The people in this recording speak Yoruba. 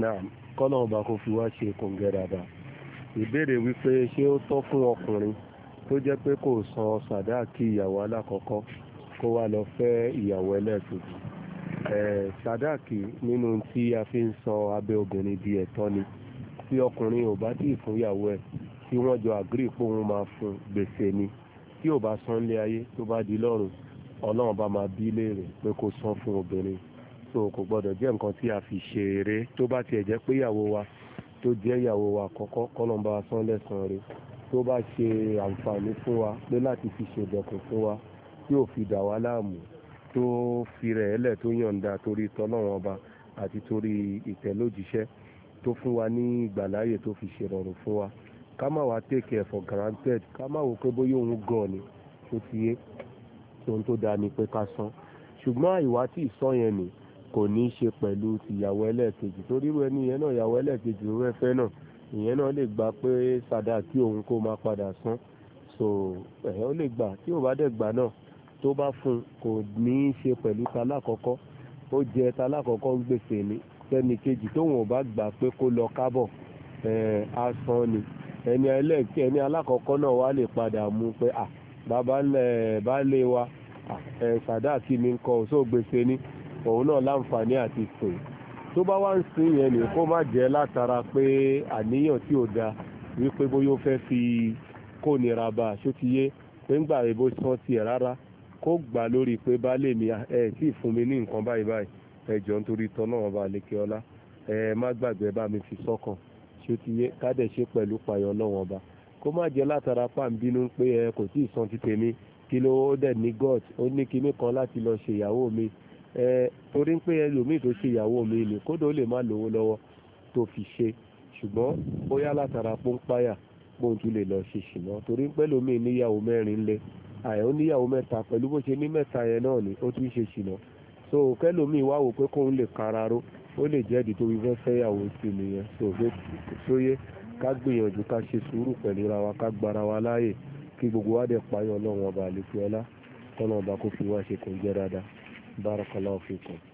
náà kọ́nà ọba kò fi wá ṣe kòǹgẹ́ dáadáa ìbéèrè wípé ṣé ó tọ́ fún ọkùnrin tó jẹ́ pé kò san sàdáàkì ìyàwó alákọ̀ọ́kọ́ kó wá lọ fẹ́ ìyàwó ẹlẹ́ẹ̀kejì sàdáàkì nínú tí a fi ń sọ abẹ́ obìnrin di ẹ̀tọ́ ni tí ọkùnrin ò bá tí ì fún ìyàwó ẹ̀ tí wọ́n jọ àgírí pé òun máa fún gbèsè ni tí ò bá san lé ayé tó bá di lọ́rùn ọlọ́run bá máa bí léèrè pé kó san fún obìnrin so kò gbọ́dọ̀ jẹ́ nǹkan tí a fi ṣe eré tó bá tiẹ̀ jẹ́ pé ìyàwó wa tó jẹ́ ìyàwó wa kọ́kọ́ kọ́lọ́mbà sọ́ńdẹ̀sán rẹ̀ tó bá ṣe àǹfààní fún wa pé láti fi ṣèdẹ̀kùn fún wa tí ò fi dà wá láàmú tó fi rẹ̀ ẹlẹ̀ tó yọ̀ǹda torí tọ́lọ́wọ́n ọba àti torí ìtẹ́lójíṣẹ́ tó fún wa ní ìgbàláyè tó fi ṣèrọ̀rùn fún wa ká má wá take care for granted ká má wò pé bóyá òun gan ni tó ti yé ohun tó dáa ni pé ká san ṣùgbọ́n àìwá tí ì sọ yẹn nìí kò ní í ṣe pẹ̀lú tìyàwó ẹlẹ́ẹ̀kejì torí irú ẹni ìyẹn náà ìyàwó ẹlẹ́ẹ̀kejì ló fẹ́ fẹ́ náà ìyẹn náà lè gbà pé sàdá kí òun kó máa padà san so ẹ̀yẹ́ ó lè gbà tí ò bá dẹ̀ gbà náà tó bá fún un kò ní í ṣe pẹ̀lú talákọ̀ọ́kọ́ ó jẹ talákọ̀ọ́kọ́ ń gbèsè ni tẹ́ni kejì tóun ò bá gbà pé kó lọ kábọ̀ á san ni ẹni ẹlẹ́ẹ̀kẹ́ ẹni alákọ̀ọ́kọ́ náà wá lè padà mú pé à bàbá ẹ̀ bá lé wa ẹ̀ sàdá kí mi kọ́ ọ́ sóògbèsè ni. So, òun náà láǹfààní àti sìn tó bá wá ń sìn yẹn ni kó má jẹ́ látara pé àníyàn tí ò da wípé bóyá ó fẹ́ fi kó nira bá a ṣó ti yé pé ń gbà èbó sàn tiẹ̀ rárá kó gbà lórí pé baálé mi ẹ tí ì fún mi ní nǹkan báyìí báyìí ẹ jọ nítorí tọ́ náà bá lékè ọlá ẹ má gbàgbé bá mi fi sọ́kàn ṣó ti yé ká dẹ̀ ṣe pẹ̀lú payọ̀ ọlọ́wọ́n ọba kó má jẹ́ látara pàǹbínú pé ẹ kò tí ì san ti tèmi kí ló dẹ̀ ní god ó ní kinní kan láti lọ ṣe mi torí pé ẹlòmíì tó ṣe ìyàwó mi ni kódà ó lè má lówó lọ́wọ́ tó fi ṣe ṣùgbọ́n bóyá látara pọ́ńpáyà pọ́n tún lè lọ ṣe ṣìnà torí pé ẹlòmíì níyàwó mẹ́rin lé àyẹ̀ ó níyàwó mẹ́ta pẹ̀lú bó ṣe ní mẹ́ta yẹn náà ni ó tún ṣe ṣìnà so kẹlòmíì wá wò pé kóun lè kararó ó lè jẹ́ ìdí tó fi fẹ́ fẹ́yàwó sí nìyẹn sóyé ká gbìyànjú ká ṣe sùúrù pẹ̀lú ra wa ká gbára wa láàyè kí gbogbo wa dẹ̀ payọ̀ ọlọ́run ọba àlèkùn بارك الله فيكم